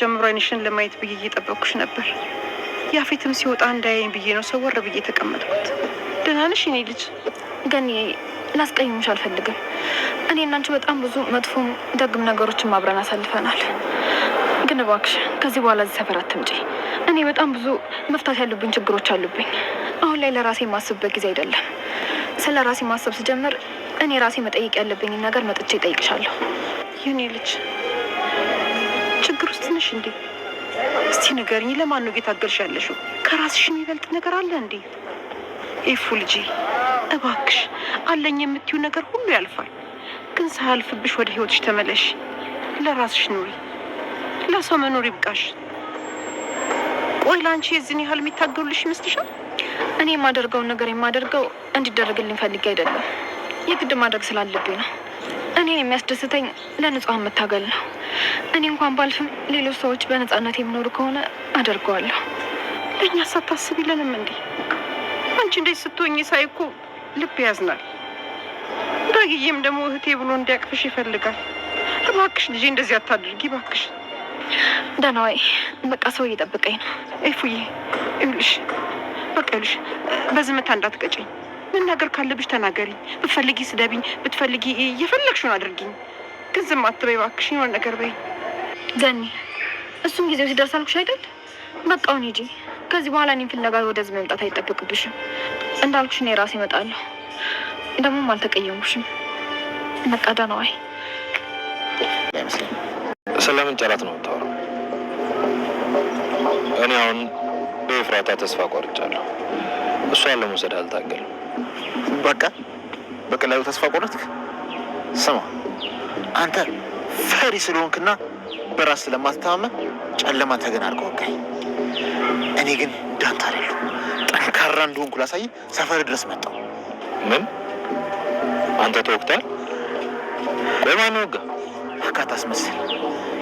ጀምሮ አይንሽን ለማየት ብዬ እየጠበቅኩሽ ነበር። ያፌትም ሲወጣ እንዳያይን ብዬ ነው ሰወር ብዬ የተቀመጥኩት። ደህና ነሽ የኔ ልጅ? ገኒ፣ ላስቀይምሽ አልፈልግም። እኔ እናንቺ በጣም ብዙ መጥፎም ደግም ነገሮችን ማብረን አሳልፈናል። ግን እባክሽ ከዚህ በኋላ እዚህ ሰፈር አትምጪ። እኔ በጣም ብዙ መፍታት ያሉብኝ ችግሮች አሉብኝ። አሁን ላይ ለራሴ የማስብበት ጊዜ አይደለም። ስለ ራሴ ማሰብ ስጀምር እኔ ራሴ መጠየቅ ያለብኝን ነገር መጥቼ እጠይቅሻለሁ የኔ ልጅ። እንዴ? እስቲ ንገርኝ፣ ለማን ነው እየታገልሽ ያለሽው? ከራስሽ የሚበልጥ ነገር አለ እንዴ? ኤፉ ልጄ እባክሽ፣ አለኝ የምትይው ነገር ሁሉ ያልፋል። ግን ሳያልፍብሽ ወደ ህይወትሽ ተመለሽ። ለራስሽ ኑሪ፣ ለሰው መኖር ይብቃሽ። ቆይ ለአንቺ የዚህን ያህል የሚታገሉልሽ ይመስልሻል? እኔ የማደርገውን ነገር የማደርገው እንዲደረግልኝ ፈልጌ አይደለም፣ የግድ ማድረግ ስላለብኝ ነው። እኔን የሚያስደስተኝ ለንጹሐን መታገል ነው። እኔ እንኳን ባልፍም ሌሎች ሰዎች በነጻነት የሚኖሩ ከሆነ አደርገዋለሁ። ለእኛ ሳታስብ ይለንም እንዴ? አንቺ እንዴት ስትሆኝ ሳይ ልብ ያዝናል። ዳግዬም ደግሞ እህቴ ብሎ እንዲያቅፍሽ ይፈልጋል። እባክሽ ልጄ እንደዚህ አታድርጊ እባክሽ። ደህናዋይ በቃ ሰው እየጠበቀኝ ነው። ኤፉዬ ይኸውልሽ፣ በቃ ይኸውልሽ፣ በዝምታ እንዳትቀጭኝ መናገር ካለብሽ ተናገሪ። ብትፈልጊ ስደብኝ፣ ብትፈልጊ የፈለግሽውን አድርጊኝ። ግን ዝም አትበይ እባክሽ፣ የሆነ ነገር በይ። ዘኒ እሱን ጊዜው ሲደርስ አልኩሽ አይደል? በቃውን ሂጂ። ከዚህ በኋላ እኔም ፍለጋ ወደዚህ መምጣት አይጠበቅብሽም። እንዳልኩሽ እኔ ራሴ እመጣለሁ። ደግሞም አልተቀየሙሽም። በቃ ደህና ዋይ። ስለምን ጨረት ነው የምታወራው? እኔ አሁን በኤፍራታ ተስፋ ቆርጫለሁ። እሷን ለመውሰድ አልታገልም። በቃ በቀላሉ ተስፋ ቆረጥክ። ስማ አንተ ፈሪ ስለሆንክና በራስ ስለማትተማመን ጨለማ ተገን አድርገው እኔ ግን ዳንት አይደለሁ ጠንካራ እንደሆንኩ ላሳይ ሰፈር ድረስ መጣሁ። ምን አንተ ተወቅታል? በማን ወጋ? አካታስ መሰል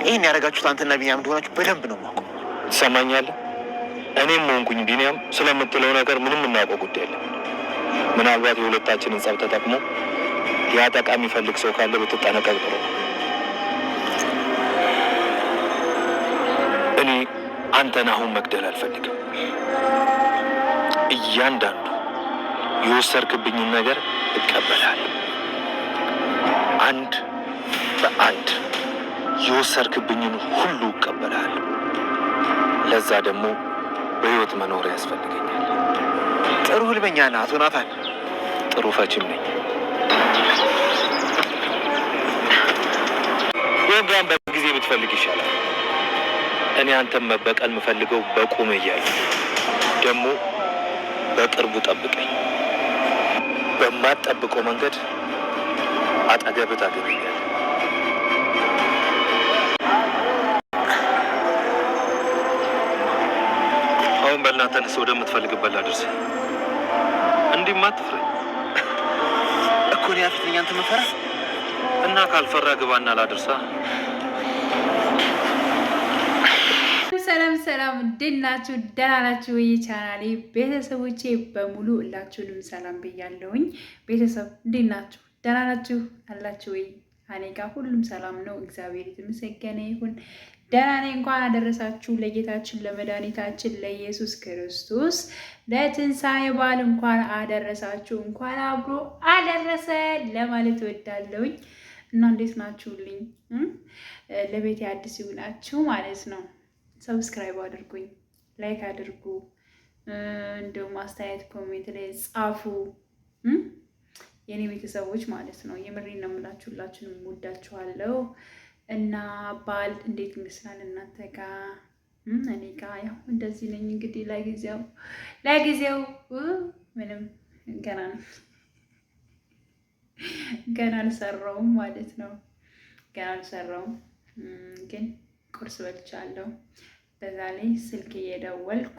ይህን ያደረጋችሁት አንተና ቢኒያም እንደሆናችሁ በደንብ ነው የማውቀው። ትሰማኛለህ? እኔም ሆንኩኝ ቢኒያም ስለምትለው ነገር ምንም እናውቀው ጉዳይ የለም። ምናልባት የሁለታችንን ጸብ ተጠቅሞ ጠቃሚ የሚፈልግ ሰው ካለ ብትጠነቀቅ ጥሩ። እኔ አንተን አሁን መግደል አልፈልግም። እያንዳንዱ የወሰድክብኝን ነገር እቀበላለሁ። አንድ በአንድ የወሰድክብኝን ሁሉ እቀበላለሁ። ለዛ ደግሞ በህይወት መኖር ያስፈልገኛል። ጥሩ ህልመኛ ነህ አቶ ናታን። ጥሩ ፈችም ነኝ። ወንድም በጊዜ ብትፈልግ ይሻላል። እኔ አንተን መበቀል የምፈልገው በቁም እያለ ደግሞ በቅርቡ ጠብቀኝ። በማትጠብቀው መንገድ አጠገብህ ታገኛለህ። በልና ተነስ፣ ወደምትፈልግበት ላድርስ። እንዲህማ አትፍረኝ እኮ እኔ ያፊት አንተ መፈራ እና ካልፈራ ግባና ላድርሳ። ሰላም ሰላም፣ እንዴት ናችሁ? ደህና ናችሁ? የቻናሌ ቤተሰቦቼ በሙሉ ሁላችሁንም ሰላም ብያለሁኝ። ቤተሰብ እንዴት ናችሁ? ደህና ናችሁ አላችሁ ወይ? እኔ ጋ ሁሉም ሰላም ነው፣ እግዚአብሔር የተመሰገነ ይሁን። ደህና ነኝ። እንኳን አደረሳችሁ ለጌታችን ለመድኃኒታችን ለኢየሱስ ክርስቶስ ለትንሣኤ በዓል እንኳን አደረሳችሁ፣ እንኳን አብሮ አደረሰ ለማለት እወዳለሁኝ እና እንዴት ናችሁልኝ? ለቤት አዲስ ይሁናችሁ ማለት ነው። ሰብስክራይብ አድርጉኝ፣ ላይክ አድርጉ፣ እንዲሁም አስተያየት ኮሜንት ላይ ጻፉ። የእኔ ቤተሰቦች ማለት ነው። የምሬን ነው የምላችሁላችሁንም እና ባል እንዴት ይመስላል እናንተ ጋ እኔ ጋ ያው እንደዚህ ነኝ እንግዲህ ለጊዜው ለጊዜው ምንም ገና ገና አልሰራውም ማለት ነው። ገና አልሰራውም ግን ቁርስ በልቻለሁ። በዛ ላይ ስልክ እየደወልኩ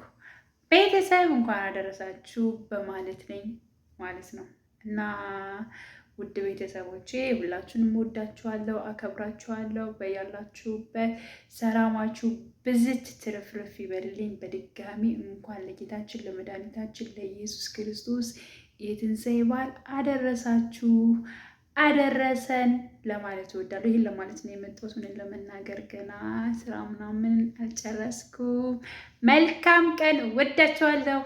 ቤተሰብ እንኳን አደረሳችሁ በማለት ነኝ ማለት ነው እና ውድ ቤተሰቦቼ ሁላችሁንም ወዳችኋለሁ፣ አከብራችኋለሁ። በያላችሁበት ሰላማችሁ ብዝት ትርፍርፍ ይበልልኝ። በድጋሚ እንኳን ለጌታችን ለመድኃኒታችን ለኢየሱስ ክርስቶስ የትንሣኤ በዓል አደረሳችሁ አደረሰን ለማለት እወዳለሁ። ይህን ለማለት ነው የመጣሁት። ምንን ለመናገር ገና ስራ ምናምን አልጨረስኩም። መልካም ቀን። ወዳችኋለሁ።